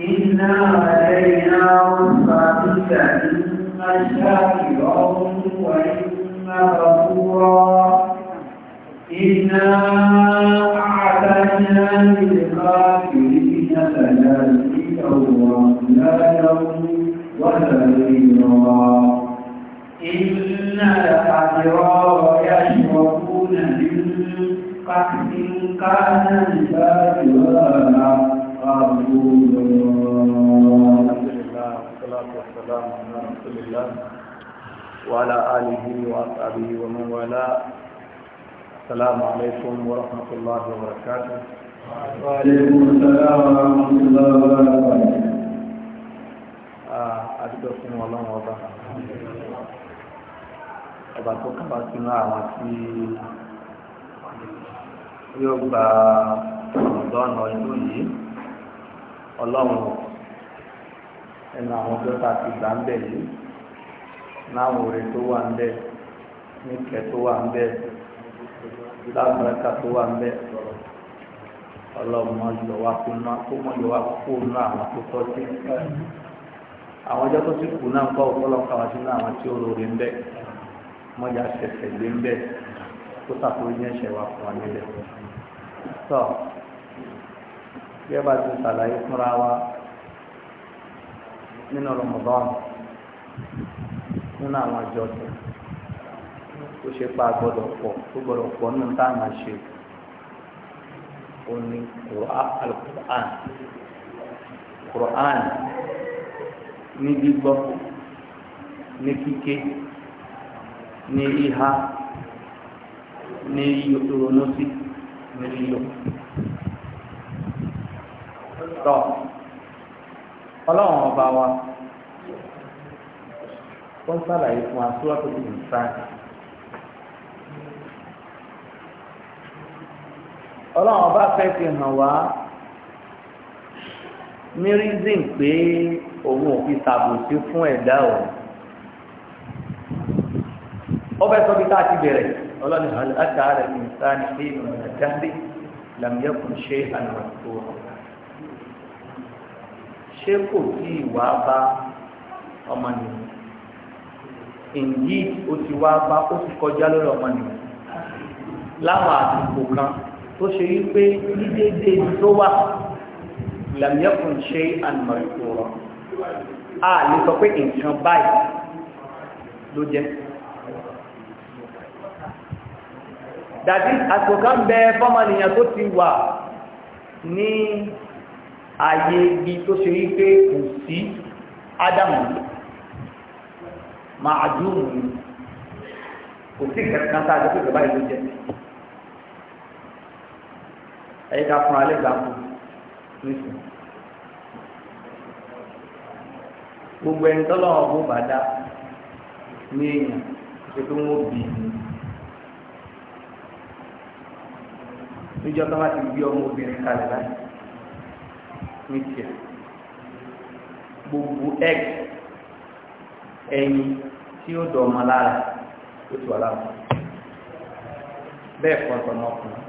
إنا علينا رسالك إما شاكرا وإما غفورا إنا أعتدنا للكافرين سلاسل وأغلالا وسريرا إن الأبرار ويشركون من قحط كان لبابها الحمد لله والصلاة والسلام على رسول الله وعلى آله وأصحابه ومن والاه السلام عليكم ورحمة الله وبركاته وعليكم السلام ورحمة الله وبركاته أدعوكم الله وبركاته ọba tó kápá sínú àwọn tí yóò gba ọ̀dọ́nà ọdún yìí ọlọ́run ẹnu àwọn ọjọ́ tá a ti gbà ń bẹ̀ yìí láwọn òrè tó wà ń bẹ̀ níkẹ́ tó wà ń bẹ̀ lágbàkà tó wà ń bẹ̀ ọlọ́run yọ kó ná kó mọ yọ kó ná àwọn tó tọ́ sí àwọn ọjọ́ tó ti kù náà ń kọ́ ọ̀pọ̀lọpọ̀ àwọn sínú àwọn tí ó lóore ń bẹ̀ mọ́jà ṣẹ̀ṣẹ̀ gbé ń bẹ̀ kó sàkóso ní ẹ̀ṣẹ̀ wa fún wa níbẹ̀. gẹ́gẹ́ bá ti ṣàlàyé fúnra wa nínú Ramadan nínú àwọn àjọṣe tó ṣe pa gbọ́dọ̀ pọ̀ tó gbọ́dọ̀ pọ̀ nínú tá a máa ṣe òní alukur'an kur'an ní gbígbọ́ ní kíké ní ìhà ní ronú tọ́ ọlọ́run ọba wa ó ń sàlàyé fún wa sọ́wọ́ tó ti ń sá. ọlọ́run ọba fẹ́ fi hàn wá mírízìn pé òun ò fi ṣàbòsí fún ẹ̀dá o ó fẹ́ sọ bí tá ti bẹ̀rẹ̀ ọlọ́run àti ààrẹ ìsáni pé ìrìnàjáde làmìyẹ́kùn ṣe àlùmọ̀tò ọ̀hún ṣé kò tí ì wá bá ọmọnìyàn indeed ó ti wá bá ó ti kọjá lórí ọmọnìyàn láwọn àsìkò kan tó ṣe yí pé ní tó wà lẹ́mìẹ́kùn ṣe àmọ̀rìkò rọ̀ a lè sọ pé nǹkan báyìí ló jẹ́ dàbí àsìkò kan bẹ fọ́mọnìyàn tó ti wà ní ayé ibi tó ṣe rí pé kò sí ádámù máa dùn ún kò sí ìkẹ́kẹ́ tá a jẹ́ pé bàbá ìlú jẹ́ ẹ̀yẹ́ ká fún alẹ́ gbà fún nísìn gbogbo ẹni tọ́lọ́ ọ̀hún bàdá ní èèyàn ṣe tó ń wọ́n bì í níjọ́ tó bá ti gbé ọmọ obìnrin kalẹ̀ báyìí. ní gbogbo egg ẹyin tí ó dọ̀ ọmọ lára ó ti wà bẹ́ẹ̀ kọ́ ọ̀tọ̀ ọmọkùnrin.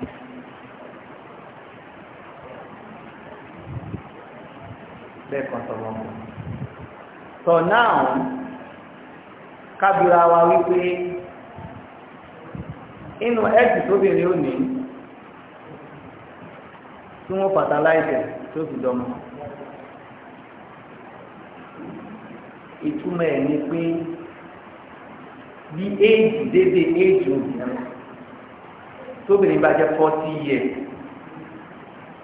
bẹ́ẹ̀ tọ̀ náà kábíra wa wípé inú tó fi dọ́mọ. ìtumọ̀ ẹ̀ ni pé bí éèjì dédé éèjì obìnrin tóbìnrin bá jẹ́ forty years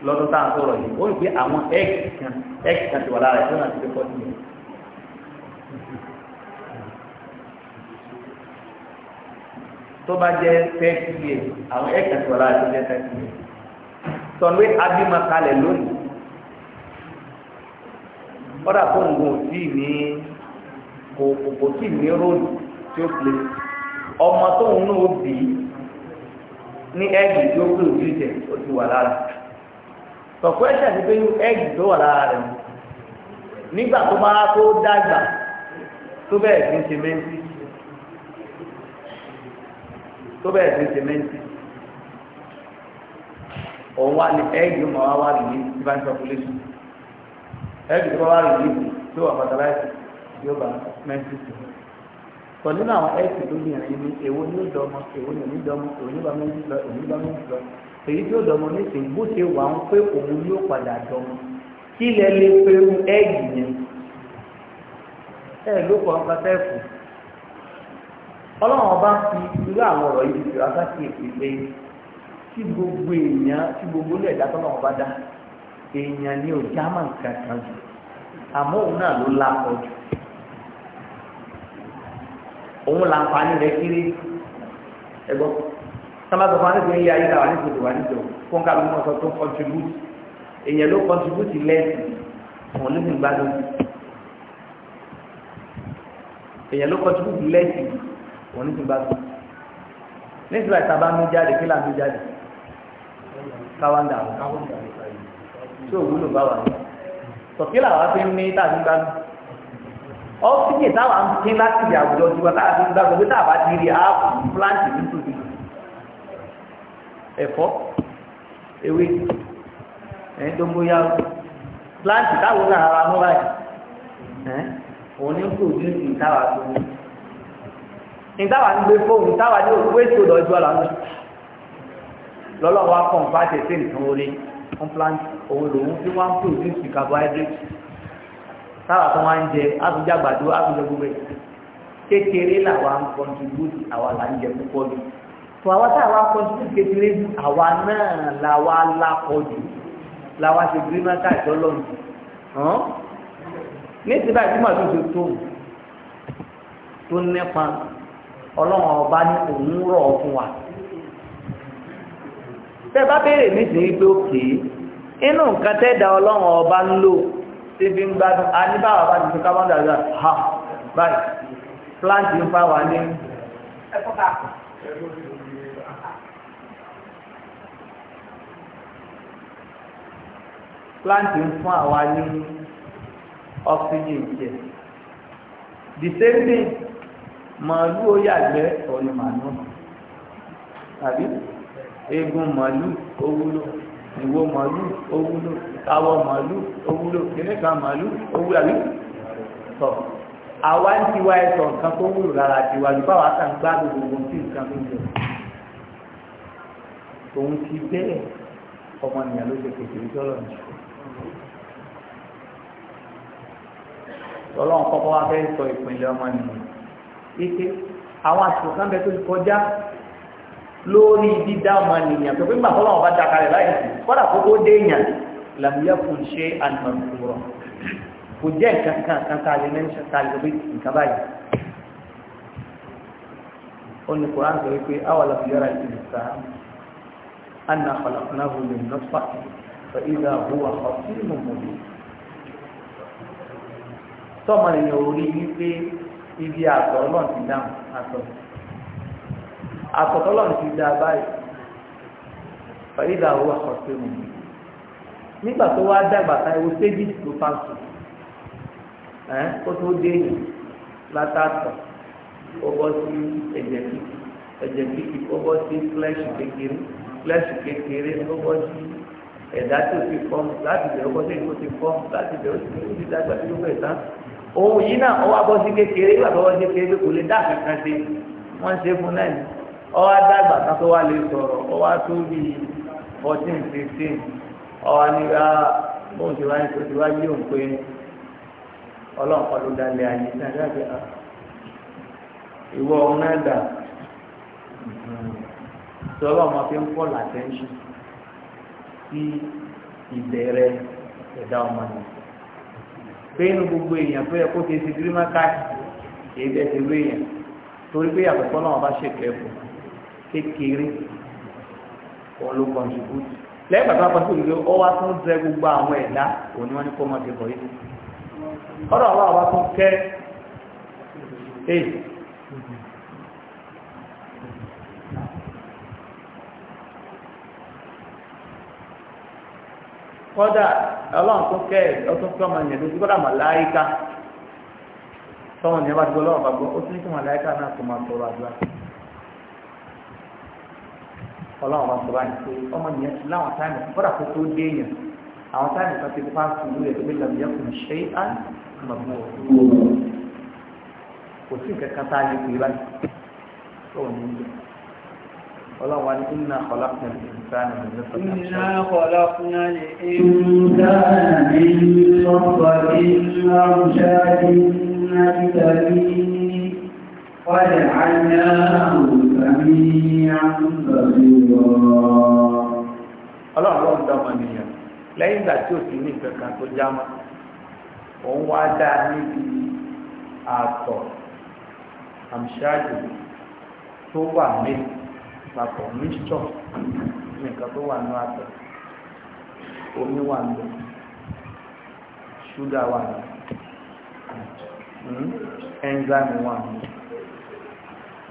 lọ́dún tá à ń sọ̀rọ̀ yìí ó rí pé àwọn x kan x kan ti wà lára ẹ̀ tó náà ti fi forty years. tó bá jẹ thirty years àwọn ẹ̀ka tí wọ́n lára tó jẹ thirty years sọ̀nwé abímakalẹ̀ lónìí kọ́dà tó ń gun òtí ní kò tí ní róòlù tí ó pè ọmọ tó ń náà bì í ní ẹ́gì tí ó pè òjú jẹ ó ti wà lára sọ̀kọ́ ẹ̀ṣẹ̀ ti pé ẹ́gì tó wà lára rẹ̀ nígbà tó bá tó dàgbà tó ṣe tó ṣe òun wà ní ẹ́gì ó máa wá ní ẹbí tó bá rí ìlú tó wà fàtàláìsì yóò bá mẹ́ńtì tó pọ̀ nínú àwọn ẹ̀sì tó gbìyànjú ewu èwo ní ó dọmọ èwo ní òní dọmọ èwo ní bá mẹ́ńtì lọ èwo ní bá mẹ́ńtì lọ èyí tó dọmọ ní sèyí bó ṣe wà ń pé òun yóò padà kí lẹ lè ẹ̀gì yẹn ló kọ́ ọlọ́run ọba fi irú àwọn ọ̀rọ̀ yìí èèyàn ni ò jámà nǹkan kan jù àmọ́ òun náà ló lápọ̀ jù òun làǹfààní rẹ̀ kiri ẹgbọ́n sábàtọ̀ fún anígbé yíya yíya wà nígbè wà nígbè fún ká lóun ọ̀sán tó contribute èèyàn ló contribute lẹ́sìn òun ló ní gbádùn èèyàn ló contribute lẹ́sìn òun ló ní gbádùn nígbà tí a bá jáde kí là ń mú jáde káwá ń dà wọ́n. tí òwúlò bá wà ní tọ̀kí làwa fi ń ní tàbí ń láti ìyà àwùjọ fi ń gbogbo ti rí ààbò ẹ̀fọ́ ewé tó mú báyìí òun ní kò ní ìtawà tó ní ìtawà ń gbé fóònù ní òkú ètò lọ́lọ́wọ́ nìkan implant òun lòun tí wọ́n ń pè ní sí carbohydrate sára tó wọ́n ń jẹ àtúnjẹ àgbàdo àtúnjẹ gbogbo ẹ̀ kékeré làwa ń contribute àwa là ń jẹ púpọ̀ jù tó àwa tá àwa contribute kékeré jù àwa náà làwa lápọ̀ jù làwa ṣe gírímọ́tà ìtọ́lọ́nù ní ìsìnbá ìtumọ̀ tó ṣe tó tó nípa ọlọ́run ọba ní òun rọ̀ fún wa tẹ́ bá béèrè nísìnyí pé òkè inú nǹkan tẹ́ da ọlọ́run ọba ń lò tí fi ń gbádùn a ní báwa bá ti fi carbon dioxide ha báyìí plant ń fa wà ní. plant ń fún àwa ní oxygen jẹ the same thing màálù ó yàgbẹ́ ọ̀nà màálù tàbí egun màálù ó wúlò ìwo màálù ó wúlò awọ màálù ó wúlò kìnnìkan màálù ó wúlò àbí tọ àwa ń tiwa ẹsọ nǹkan tó wúlò rárá tiwa ju báwa kà ń gbádùn gbogbo tí nǹkan tó wúlò òun ti bẹ́ẹ̀ ọmọnìyàn ló ṣe kékeré tọ́lọ̀ ní. tọ́lọ́run kọ́kọ́ wá fẹ́ sọ ìpínlẹ̀ ọmọnìyàn. ike àwọn àsìkò kan bẹ tó kọjá lórí dídá ọmọnìyàn tó pé gbàgbọ́ wọn bá dakalẹ̀ láì sí kọ́dà kókó dé èèyàn làmúyẹ kò ń ṣe àlùmọ̀tòrọ̀ kò jẹ́ nǹkan kan kan tá a lè mẹ́ńṣẹ́ tá a lè gbé nǹkan báyìí ó ní koran sọ wípé awàlà fi yọra ìlú sáà anna khalaqnahu min nutfatin fa idha huwa khasimun àkọ̀tọ́lọ̀ ti dá báyìí fàyídà owó àkọ̀tọ́ mu nígbà tó wá dàgbà tá ewu stages ló fà sùn ẹ kó tó dé yìí látàtọ̀ ó bọ́ sí ẹ̀jẹ̀ kíkì ẹ̀jẹ̀ kíkì ó bọ́ sí flesh kékeré flesh kékeré ó bọ́ sí ẹ̀dá tó ti fọ́ọ̀mù láti bẹ̀rẹ̀ ó bọ́ sí èyí tó ti fọ́ọ̀mù láti bẹ̀rẹ̀ ó ti dàgbà tó ti tán òun yìí náà ọwọ́ abọ́ kékeré ìgbà tó wọ́n sí kékeré wọ́n ṣe fún náà ọwọ́ adágbà kan tó wà lè sọ̀rọ̀ ọwọ́ tó bí fourteen fifteen ọwọ́ nígbà ah, bóun ti wáyé tó ti wáyé òun pé ọlọ́nkọ́ ló dalẹ̀ ayé ah, ìwọ ọ̀hún náà dà ọmọ fi ń kọ́ làtẹ́ńṣì sí ìbẹ̀rẹ̀ ẹ̀dá ọmọ ni pé inú gbogbo èèyàn tó yẹ kó ti ti káàkiri èyí bẹ́ẹ̀ ti wé èèyàn torí pé náà wọ́n bá kékeré wọn ló contribute lẹ́yìn pàtàkì wọn fún ìwé tún jẹ gbogbo àwọn ẹ̀dá òní wọn ní kó mọ̀ ṣe bọ̀ yìí ọ̀rọ̀ àwọn tún kẹ́ ẹ̀ kọ́dà ọlọ́run tún kẹ́ ọtún kí ọmọ ọlọ́run bá sọ báyìí pé ọmọ nìyẹn ti láwọn táìmù kọ́dà kó tó dé èèyàn àwọn táìmù kan ti pa sùúrù rẹ̀ pé làbíyá kò ṣe é á mọ̀mọ́ kò sí nǹkan kan tá a lè pè báyìí tó ò ní lò ọlọ́run wa ní iná kọ̀lákùnà lè ń sáà nà nà lè sọ̀tà àmìyàn ọlọ́run dọ́mọ nìyàn lẹ́yìn ìgbà tí ò sí ní ìkankan tó já mọ́ òun wá dá níbi àtọ̀ àmṣáàjò tó wà ní papọ̀ mixtọ̀ nìkan tó wà ní àtọ̀ omi wà ní ṣúgà wà ní ẹnzáìmù hmm, wà ní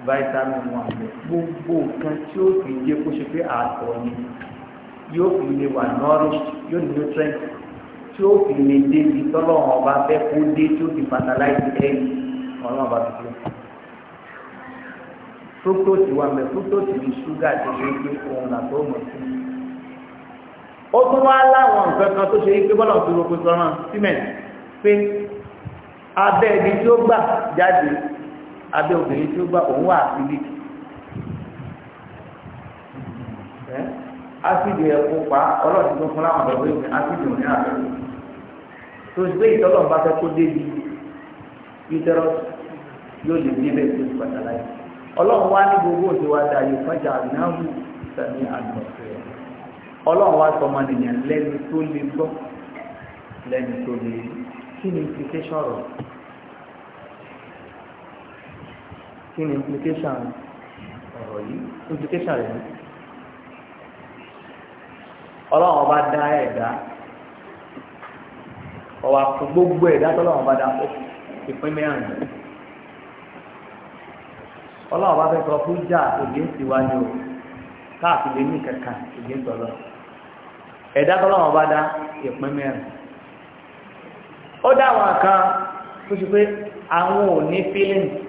vitamin wọn bẹ gbogbo nǹkan tí ó fi yé kó ṣe pé àtọ̀ ni yóò fi lè wà nourished yóò ní nutrient tí ó fi lè dé ibi tọ́lọ́run ọba fẹ́ kó dé tí ó fi fertilize egg ọlọ́run ọba fi dé fructose wà mẹ fructose ní ṣúgà tó ṣe pé òun là tó mọ̀ sí ó tún wá láwọn nǹkan kan tó ṣe pé bọ́lá òfin gbogbo sọ́ràn símẹ̀ pé abẹ́ ibi tí ó gbà jáde abẹ́ obìnrin tí ó gbà òun wà àfíríkì ásìdì ẹ̀kọ́ pa ọlọ́ọ̀dún tó fún láwọn ọ̀dọ́ ìwé ásìdì òní àbẹ̀wò tó ń gbé ìtọ́lọ̀ bá fẹ́ kó débi uterus yóò lè ní bẹ́ẹ̀ tó ti padà láyé ọlọ́run wá ní gbogbo òde wa dà yóò fọ́jà àbínáwó sani àgbọ̀fẹ́ ọlọ́run wá sọ ọmọnìyàn lẹ́nu tó lè gbọ́ lẹ́nu tó lè kí ni implication rọ̀ kí ni implication ọ̀rọ̀ yìí implication rẹ̀ ni ọlọ́run ọba dá ẹ̀dá ọwọ́ àpò gbogbo ẹ̀dá tọ́lọ́run ọba dá ìpín mẹ́rin ọlọ́run bá fẹ́ sọ fún jà òde ń tiwa ni o káàkiri ní kankan òde ń tọ́lọ́ ẹ̀dá tọ́lọ́run bá dá ìpín mẹ́rin ó dá àwọn kan tó ṣe pé àwọn ò ní feelings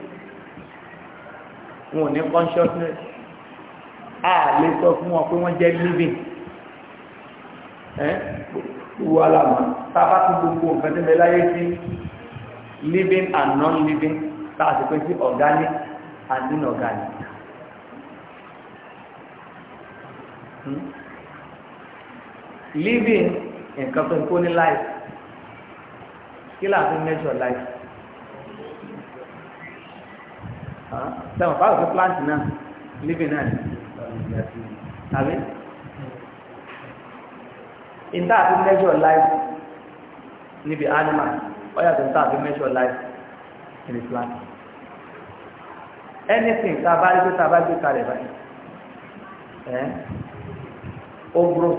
wọn ò ní consciousness a lè sọ fún wọn pé wọ́n jẹ́ living gbogbo alamọ tábà tún gbogbo nǹkan tí mẹ́lá yé sí living and non-living tá a sì pé sí organic and inorganic hmm? living nǹkan tó ń kó ní life kí láti measure life sẹ́wọ̀n báwo fún plant náà living náà tàbí ìta àti measure life níbi animal ó yàtọ̀ ìta àti measure life in a plant anything tá a bá rí pé tá a bá gbé kalẹ̀ báyìí ẹ́ ó gbúrò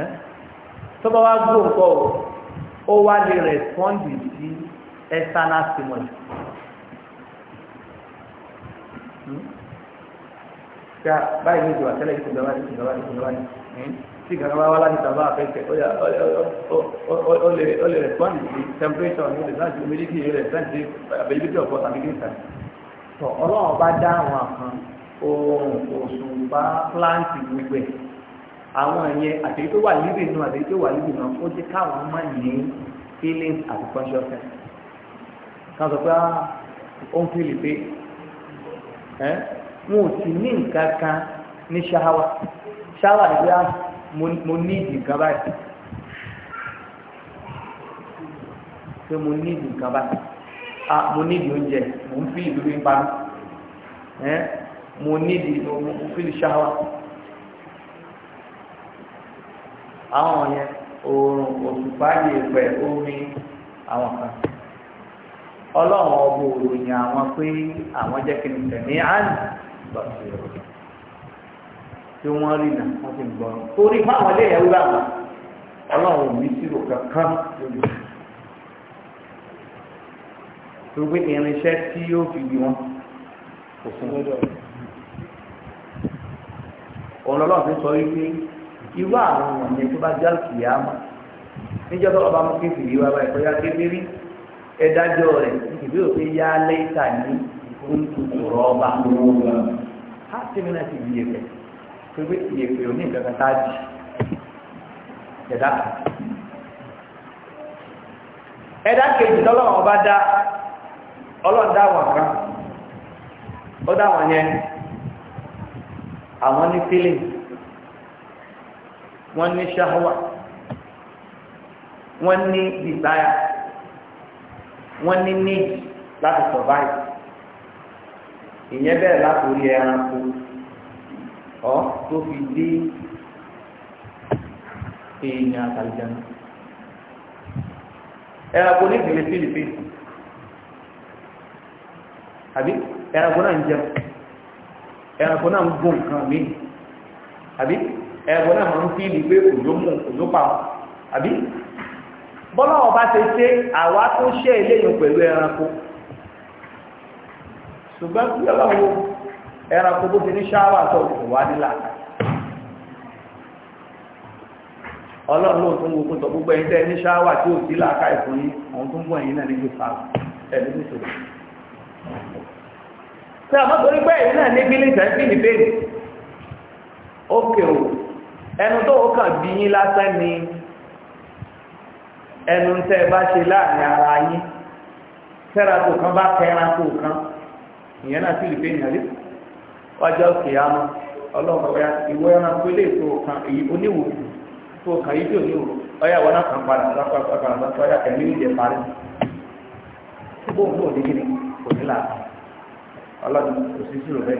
ẹ́ tó bá wá gbúrò nǹkan ó wá lè rẹ̀spọ́ndì sí. external stimulus. Ṣé báyìí ní ìjọba tẹ́lẹ̀ ìṣèjọba ní ìṣèjọba ní ìṣèjọba ní tí ìgbàgbọ́ wá láti tàbá àfẹ́kẹ́ ó lè respond sí temperature ní ìrẹsà sí humidity ní ìrẹsà sí availability of water nígbà ìta. Tọ́ ọlọ́run bá dá àwọn kan ohun òṣùpá plant gbígbẹ̀ àwọn ẹ̀yẹ àtẹ̀yẹ́ tó wà líbì náà àtẹ̀yẹ́ tó wà líbì náà ó ti káwọn máa feelings àti consciousness. kan sọ pé ah, ó ń fìlì pé wọn ò sì ní nǹkan kan ní ṣáwà ṣáwà ni pé ah, mo ní nǹkan báyìí pé mo ní nǹkan báyìí ah mo ní ìdí oúnjẹ mo ń fìlì lórí ń parí mo ní ìdí mo fìlì ṣáwà àwọn yẹn oòrùn òṣùpá yèèpẹ̀ omi àwọn kan. ọlọ́run ọgbọ òròyìn àwọn pé àwọn jẹ́ kí n tẹ̀lé àná lọ sí ọ̀rọ̀ tí wọ́n rí nà wọ́n ti torí fáwọn ilé bá ọlọ́run ò ní sírò kankan lójú tó gbé irinṣẹ́ tí yóò fi bí wọn kò fún lọ́dọ̀ òun lọ́lọ́run ti sọ wípé irú àwọn tó bá ẹ̀dájọ́ rẹ̀ ìbí òfin yá lẹ́yìntà ní oṣù ọba ha ti náà ti di yẹpẹ pé pé yẹpẹ ò nǹkan kan tá a jì ẹ̀dá kejì dá ọlọ́dá wọn kan ó dá wọn yẹn àwọn ní feeling wọ́n ní wọ́n ní méjì láti survive ìyẹn bẹ̀rẹ̀ látòrí ẹranko ọ tó fi dé èèyàn àtàlùjáná ẹranko ní ìdílé philippines àbí ẹranko náà ń jẹun ẹranko náà ń gbọ́ nǹkan mi àbí ẹranko náà máa ń fi ìdí pé òjò mú òjò pa àbí bọ́lá bá ṣe ṣe àwa tó ṣe iléyìn pẹ̀lú ẹranko ṣùgbọ́n kí ọlọ́wọ́ ẹranko bó ti ní ṣáwà tó wà nílà ọlọ́run ló tún gbogbo tọ gbogbo ẹ̀yìn tẹ́ ní ṣáwà tí ìfún tó ń náà ní ní ṣòro náà ní bílí bí ẹnu tó kàn bí yín ni ẹnu tẹ́ ẹ bá ṣe láàrin ara yín tẹ́rako kan bá kẹ́ranko kan ìyẹn náà sì lè pé ìyàrí wájọ́ kìámọ́ ọlọ́run ọ̀yà ìwọ ẹranko ilé ètò kan èyí oníwò tó kan yìí tó níwò ọyà wọn náà padà sápàpàpà ẹ̀mí ìjẹ parí ní kíni kò ní kò sí ni.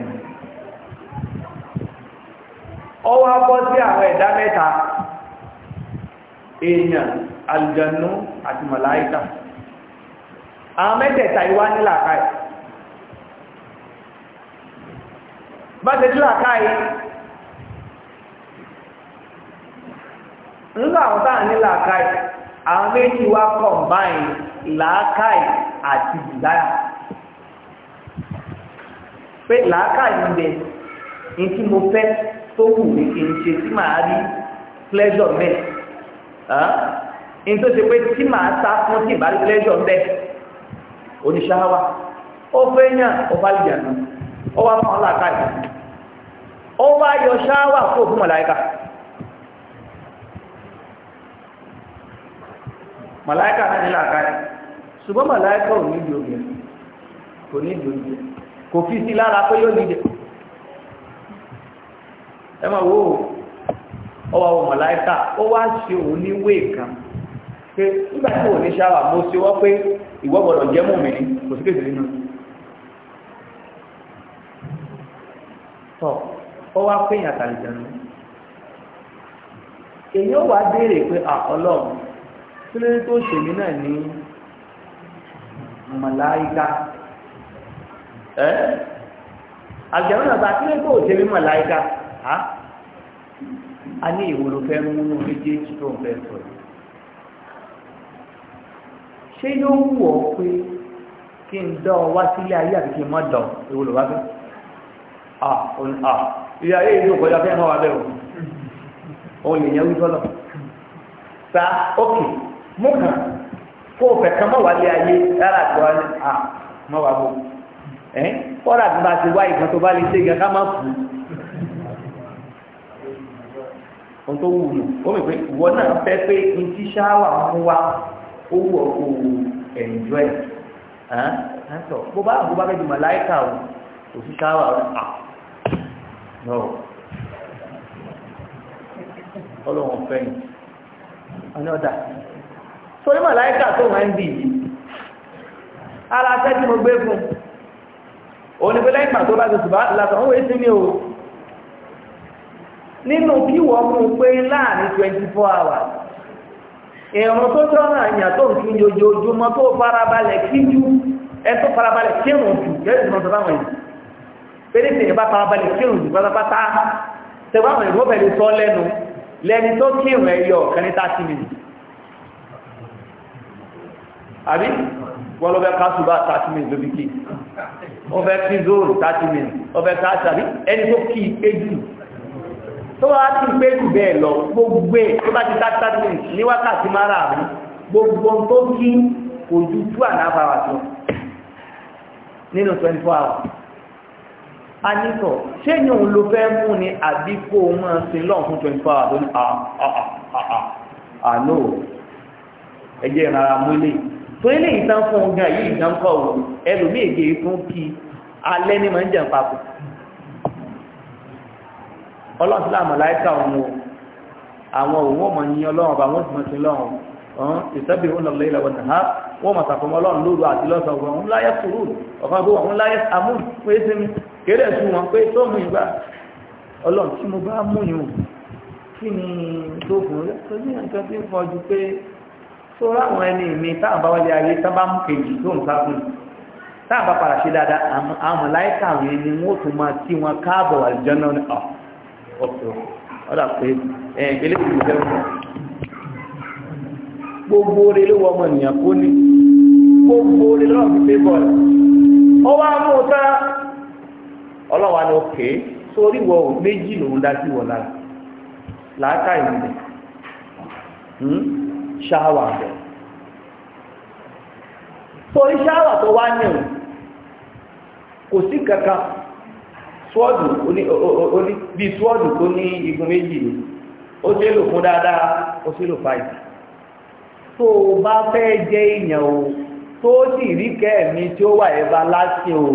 ọwọ́ sí àwọn aljannu àti màláíkà àwọn mẹ́tẹ̀ẹ̀ta ìwá ní làkáì bá ṣe tí làkáì nígbà àwọn táà ní làkáì àwọn méjì wá kọ̀m̀báìn làákàì àti ìdáyà pé làákàì ń bẹ tí mo fẹ́ tó wù mí kí tí màá rí pleasure mẹ́ ní tó ṣe pé tí màá sá fún tí ìbárí ń bẹ oníṣáwá ó fẹ́ yàn ó bá lè yàn ó wá fún ọlá káyà ó yọ ṣáwá fún òfin mọlaika mọ̀láìka náà nílà káyà ṣùgbọ́n mọ̀láìka ò ní ìdí kò ní ìdí kò fi sí lára pé yóò nídìí ẹ máa wo ọwọ́ ó wá ṣe òun kan pé nígbà tí wọ́n ní ṣáwà mo ṣe wọ́n pé ìwọ́ gbọ́dọ̀ jẹ́ mú mi kò sí nínú tọ́ ọ wá pé èèyàn èyí èèyàn wà déèrè pé àkọlọ́ọ̀ kí ló tó ṣèmi náà ní màláìka ẹ́ àjẹ̀rún náà bá kí ló tó ṣèmi màláìka a ní ìwòlò fẹ́ mú méjèèjì tó ń ṣé yóò wù ọ́ pé kí n dán ọ wá sílé ayé àti kí n má dán ewu ló bá fẹ́ ah ah ilé ayé yìí ló kọjá fẹ́ hàn wá bẹ́ẹ̀ o òun lè yẹn wí sọ́lọ̀ sa ókè mú kàn kó o fẹ́ kàn mọ́ wá lé ayé rárá àti wá lé ah mọ́ wá bò ẹ́ kọ́ra àti bá ti wá ìgbọ́n tó bá lè ṣe ìgbọ́n ká má fò ó ohun tó wù ú ó mì pé ìwọ náà fẹ́ pé ní tí ṣáwà mú wá ó wù ọ́ kó ẹ̀ǹjọ́ ẹ̀ ẹ̀ sọ bó bá àbúrò bá fẹ́ di màláìkà o kò sí sáwà rẹ̀ à nọ ọlọ́run fẹ́yìn ọ̀nà ọ̀dà sórí màláìkà tó wọ́n ń bì yìí ara tẹ́ tí mo gbé fún òun ni pé lẹ́yìn pàtó bá ti sùbá làtọ̀ ń wé mi o nínú kí wọ́n mú pé láàrin twenty four hours ẹ̀rùn tó tọ́nà àyàn tó ń tún ojoojúmọ́ tó farabalẹ̀ kíjú ẹ tó farabalẹ̀ kírùn jù jẹ́rì ìmọ̀ tó báwọn yìí pẹ̀lú ìsìn ìbá farabalẹ̀ kírùn jù pátápátá tẹwàwọn ìró pẹ̀lú sọ lẹ́nu lẹ́ni tó kírùn ẹyọ kẹni tàti mi àbí wọ́n lọ bẹ kásùbà tàti mi lóbi kí wọ́n fẹ́ kí zóòrù tàti mi wọ́n fẹ́ tàti àbí ẹni tó kí éjù tó wá ti gbé jù bẹ́ẹ̀ lọ gbogbo ẹ̀ tó bá ti tátá ní wákàtí mara rí gbogbo tó kí kò ju tú ànáfà wà tó nínú 24 hours a ní sọ ṣé ni òun ló fẹ́ mú ni àbí kó o máa sin lọ́n fún 24 hours lónìí àlò ah, ah, ah, ẹ̀jẹ̀ ìrara múlẹ̀ tó ilé ìtàn fún ọgá yìí ìtàn kọ̀ ẹlòmíì fún kí alẹ́ ní máa ń jẹun papọ̀ ọlọ́run sílá màláíkà òun o àwọn òun ọmọ yìí ọlọ́run ọba wọn sì mọ̀ sí lọ́run ọ̀hún ìṣẹ́bí òun lọ́lẹ́ ilẹ̀ wọn nàá wọ́n mọ̀ sàfọmọ́ ọlọ́run lóru àti lọ́sàn ọ̀gbọ̀n òun láyé sùúrù ọ̀kan bó òun láyé amú pé sí mi kéde ẹ̀sùn wọn pé tó mú ìgbà ọlọ́run tí mo bá mú yìí kí ni tó fún un tó ní nǹkan tí ń fọ pé tó ráwọn ẹni mi táwọn bá wáyé ayé tá bá mú ọ̀pọ̀ ọ̀dà pé ilé ìgbìmọ̀ gbogbo orí ló wọ ọmọ ènìyàn kó ní gbogbo orí lọ́wọ́ fi pé bọ́ọ̀lù ó wá mú un tán ọlọ́wà ni òkè sórí wọ méjì lòun dá sí wọ lára làákà tíwọ́dù oní bí tíwọ́dù tó ní igun méjì ni ó ṣe lò fún dáadáa ó ṣe lò fáìtì tó o bá fẹ́ jẹ́ èèyàn o tó o sì rí kẹ́ẹ̀mí tí ó wà ẹ̀bá lásìn o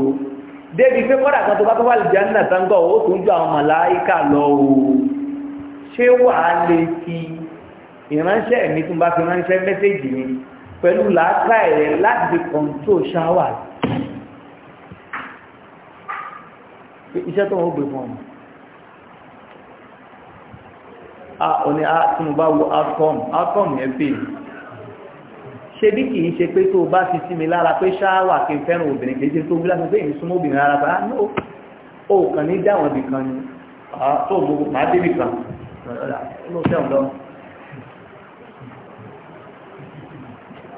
débi pé kọ́dà kan tó bá tó wà lè jẹ́ nàtàngọ̀ ó tó ń ju àwọn màláìkà lọ o ṣé wàá lè fi ìránṣẹ́ mi tó bá fi ránṣẹ́ mẹ́sẹ̀jì mi pẹ̀lú làákà ẹ̀rẹ́ láti fi kọ̀ǹtò ṣáwà sí pé iṣẹ́ tó wọ́n gbé fún ọmọ a ò ní a tí mo bá wo outcome outcome yẹn pè ṣe bí kìí ṣe pé tó bá ti sí mi lára pé ṣáwà kí n fẹ́ràn obìnrin kìí ṣe tó bí láti pé èmi súnmọ́ obìnrin rárá bá ní ó kàn ní dáwọn ibì ni tó gbogbo máa débì kan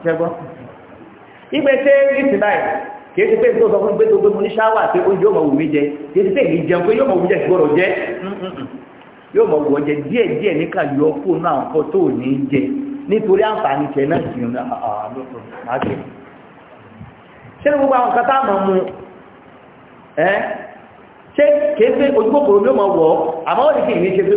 ṣẹ́gbọ́n kìí ṣe pé tó sọ fún pé tó gbé mo ní ṣáwà pé oúnjẹ ọmọ òwúrí jẹ kìí ṣe pé èmi jẹun pé yóò mọ òwúrí jẹ gbọ́dọ̀ jẹ yóò mọ òwúrọ̀ jẹ díẹ̀ díẹ̀ ní kàyọ kó náà nǹkan tó ò ní jẹ nítorí àǹfààní tiẹ̀ náà sì ń náà ah, ah, ah, ṣé ní gbogbo àwọn kan táà mọ̀ mu ẹ́ ṣé kìí ṣe ojú kòkòrò ló mọ̀ wọ̀ àmọ́ ó ní kí ìrìn ṣe fi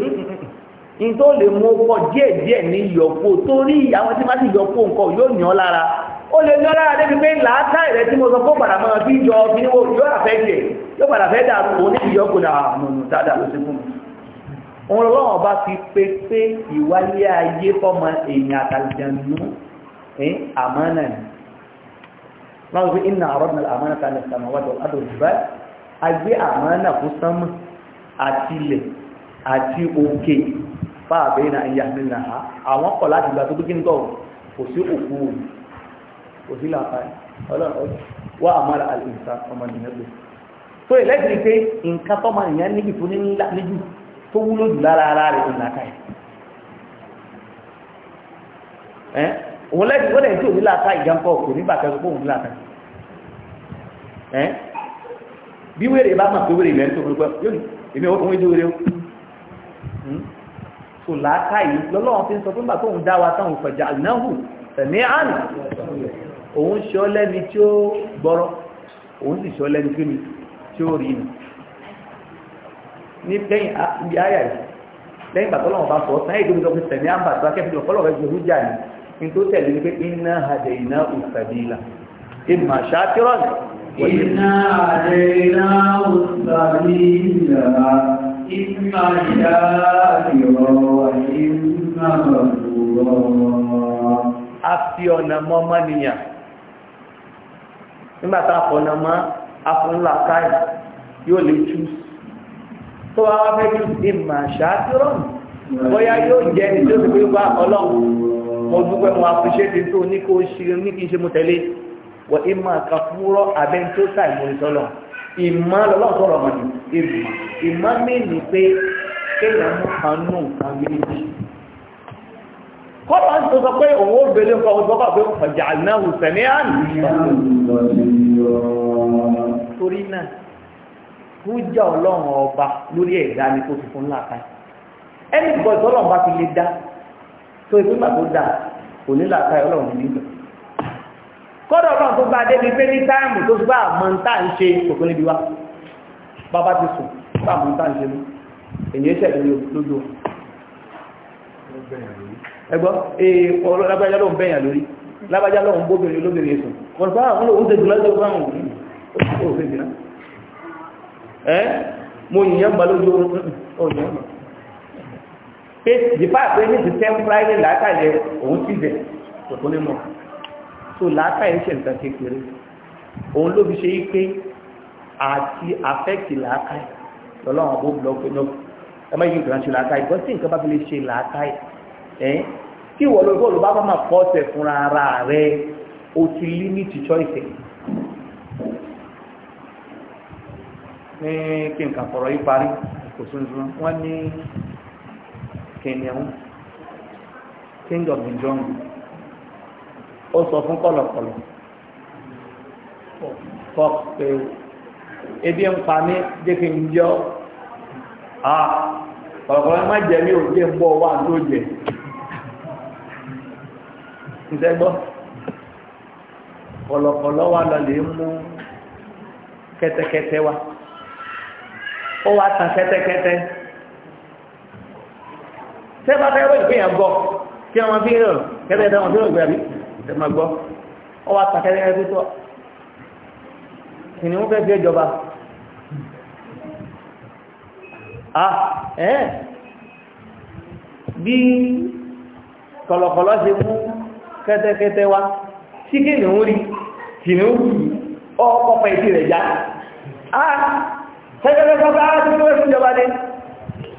ní tó lè mú pọ̀ díẹ̀ díẹ̀ ní yọ̀pọ̀ torí àwọn tí má sì yọ̀pọ̀ nǹkan yóò yàn lára ó lè lọ lára débi pé làákà ìrẹ́ tí mo sọ fún padà máa bí yọ bí wò yóò àfẹ́ jẹ yóò padà fẹ́ dà kó ní ìyọkù náà nùnù dáadáa ló ṣe fún mi òun lọ́wọ́ bá fi pé pé ìwálé ayé fọ́mọ èèyàn àtàlìjẹ̀nú àmánà ni wọ́n fi iná àrọ́dùn àmánà kalẹ̀ sàmàwádọ̀ adòjúbá agbé àmánà fún sánmà àti ilẹ̀ àti òkè fáàbẹ́ ìnà ìyàmìnà àwọn kọ̀ láti gbà tó gbé kí n tọ̀ kò sí òkú kò sí làákàyè ọlọ́run wà àmàlà àlùfà ọmọ nìyẹn lò tó yẹ lẹ́sìn pé nǹkan tọ́mọ nìyẹn níbi tó ní ńlá níbi tó wúlò jù lára ara rẹ̀ ní làákàyè ẹ òun lẹ́sìn wọ́n lẹ́yìn tí òun làákàyè jáǹkọ́ kò ní bàtà ẹ̀kọ́ òun hmm? so làákàyè lọ́lọ́wọ́n fi ń sọ pé nígbà tóun dá wa táwọn fẹ̀jà náà hù tẹ̀mí àná òun sọ lẹ́ni tí ó gbọ́rọ̀ òun sì sọ lẹ́ni kí ni tí ó rí nù ní lẹ́yìn ibi àyà yìí lẹ́yìn bàtọ́ lọ́wọ́ bá sọ ọ́ sáyé ìdókòtò pé tẹ̀mí àmbà tó akẹ́fẹ́ lọ fọlọ́fẹ́ fi rújà ní ní tó tẹ̀lé ní pé iná àdè iná òsàbílà ìmọ̀ àṣà kírọ̀ ní. iná àdè iná òsàbílà ìmọ̀ àṣà kírọ̀ ìmọ̀ àṣà kírọ̀. a fi ọ̀nà mọ́ mọ́niyàn nígbà tá a fọ̀nà mọ́ afúnlá káyì yóò lè tú tó wá wá fẹ́ tú ìmọ̀ àṣà tí ó rọrùn bóyá yóò jẹ́ ní tó ti pé bá ọlọ́run mo dúpẹ́ mo appreciate tó ní kó ṣe ní kí n ṣe mo tẹ̀lé wọ ìmọ̀ àkàfúrọ̀ abẹ́ tó sà ìmọ̀lẹ́sọ́lọ̀ ìmọ̀ lọ́lọ́run sọ̀rọ̀ mọ̀ ní ìmọ̀ ìmọ̀ mí ni pé kéèyàn mú kan nù kan méjì kọ́lá ń sọ pé òun ó bèèrè nǹkan ọgbọ́n bá pé ọjà náà hù sẹ́ni àná. torí náà hújà ọlọ́run ọba lórí ẹ̀dá ni kò sì fún láàká ẹni gbọ́dọ̀ ọlọ́run bá ti lè dá tó ìpínlẹ̀ tó dà kò ní láàká ọlọ́run nílò kọ́dọ̀ ọlọ́run tó bá débi pé ní táìmù tó bá mọ̀ntà ń ṣe òkú níbi wá bàbá ti sùn bá mọ̀ntà ń ṣe mú èyí ṣẹ̀dúró lójú ẹgbọ́ ọ̀rọ̀ lágbájá ló ń bẹ̀yàn lórí lágbájá ló ń bóbìnrin olóbìnrin èsùn ah, wọ́n fà àwọn olóòwò tẹ́jú lọ́jọ́ fáwọn òfin ìdíná ẹ́ mo yìnyàn gbà lójú ọ̀yàn pé jìpá pé ní ti tẹ́m fúráìlì látàlẹ̀ òun ti bẹ̀ kò ní mọ̀ so látàlẹ̀ ṣe nǹkan kékeré òun ló fi ṣe yí pé àti àfẹ́kì látàlẹ̀ lọ́lọ́run ọgbó blọọkì náà ẹ má yí nǹkan ṣe látàlẹ̀ bọ́ sí nǹkan bá fi lè ṣe látàlẹ̀ ẹ́n kí ìwọ lórí bọ́ọ̀lù bá máa pọ̀ ọ̀sẹ̀ fúnra ara rẹ o ti límìtì choice ní kí nǹkan fọ̀rọ̀ yìí parí kò sunsun wọ́n ní kìnìún king of the jungle ó sọ fún kọ̀lọ̀kọ̀lọ̀ fọ́ọ̀k pé ebi ń pa mí jẹ́ kí n jọ́ ah, kọ̀lọ̀kọ̀lọ̀ má jẹ́ mi ò jẹ́ ń bọ̀ wà tó jẹ́ ìdẹ́gbọ́ kọ̀lọ̀kọ̀lọ̀ wa lọ lè mú kẹ́tẹ́kẹ́tẹ́ wa ó wá tan kẹ́tẹ́kẹ́tẹ́ tẹ́ bá fẹ́ wọ́n ìpínyà gbọ́ kí wọ́n fi hàn kẹ́tẹ́kẹ́tẹ́ wọn tó gbé àbí tẹ́ máa gbọ́ ó wá tan kẹ́tẹ́kẹ́tẹ́ tó kìnìún fẹ́ fi ìjọba ah ẹ́ bí kọ̀lọ̀kọ̀lọ̀ ṣe mú kẹ́tẹ́kẹ́tẹ́ wá tí kìnìún rí kìnìún wù ọkọ̀ pẹ̀ ìtì rẹ̀ já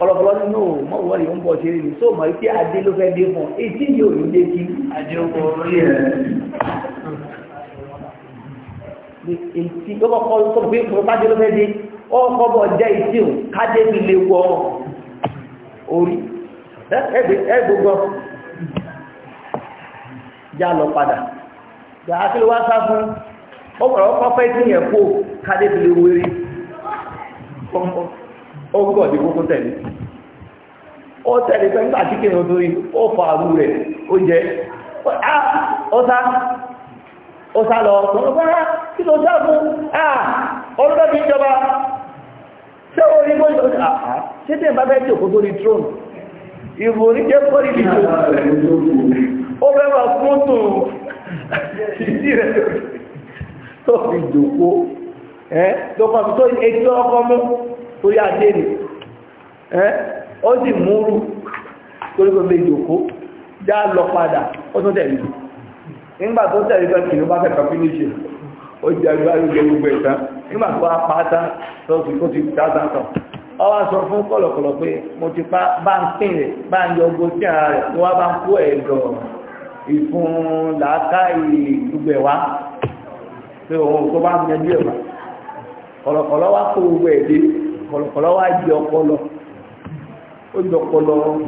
ọ̀pọ̀lọpọ̀lọ́ nínú mọ́wọ́lì ń bọ̀ ṣeré ní sóòmọ̀ ikú adé ló fẹ́ dé fún etí yóò ní dé kí adé ọkọ̀ orí rẹ̀ etí ó kọ́kọ́ tó pé pàdé ló fẹ́ dé ọkọ̀ bọ̀ jẹ́ etí ò kádé fi lè já lọ padà gbà á kí ló wá sá fún ó pọ̀ ọ́ pọ́pẹ́ tí yẹn kó kádé fi lè wéré ó gbọ́ di kókó tẹ̀lé ó tẹ̀lé pé nígbà tí kìnnìún torí ó fa àrú rẹ̀ ó jẹ ó sá ó sá lọ ọ̀rọ̀ bá kí ló sá fún ọlọ́dọ̀ fi jọba ṣé o rí bóyá ọ̀sán àá ṣé tẹ̀ bá bẹ́ẹ̀ tí òkú tó rí tróònù ìròyìn jẹ́ kọ́rí nìkan ó fẹ́bà fótò ìdí rẹ̀ tó fi jòkó ẹ́ tó kọ́ tó mú torí adé ni ẹ́ ó sì múrú torí gbogbo ìjòkó já lọ padà ó tún tẹ̀lé nígbà tó tẹ̀lé fẹ́ kìí bá fẹ́ kàfí ó jẹ́ agbárí gbogbo wá sọ fún pé mo ti pa bá ń pín rẹ̀ bá ń ìfún làákàyè gbogbo wá pé òun tó bá mẹ́bí ẹ̀ wá kọ̀lọ̀kọ̀lọ̀ wá kó gbogbo ẹ̀ kọ̀lọ̀kọ̀lọ̀ wá jẹ ọpọlọ ó jẹ ọpọlọ gbogbo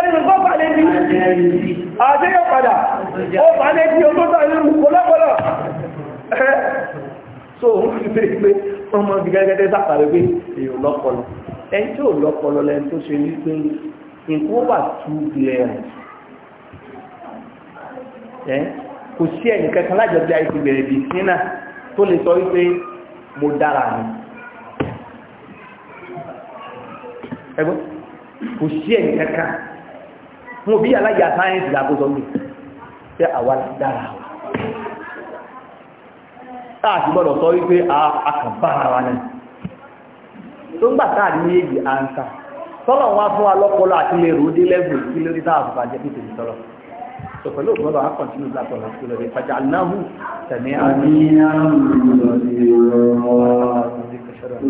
àti yóò padà ó bá ní kí o tó tà nínú kọlọ́pọ̀lọ́ so pé pé ọmọ ti gẹ́gẹ́gẹ́ sàpàrẹ pé èèyàn lọ́pọlọ ẹni tí ò lọ́pọlọ lẹni tó ṣe ní pé nǹkan wà tú ilẹ̀ rẹ̀ kò sí ẹnì kankan lájọ bí i ti bẹ̀rẹ̀ bí sínà tó lè sọ wípé kò sí ẹnì kankan wọn bí alájà sáyẹ́ǹsì làkóso mi pé àwa dára wa táà sí gbọ́dọ̀ sọ wípé akàbá ara náà tó ń gbà táà ní èyí àǹkà tọ́lọ̀ wá fún alọ́pọlọ àti lè rúdé lẹ́gùn kí lórí táà bàbá jẹ́ pé tèmi tọ́lọ̀ tó pẹ̀lú ògbọ́dọ̀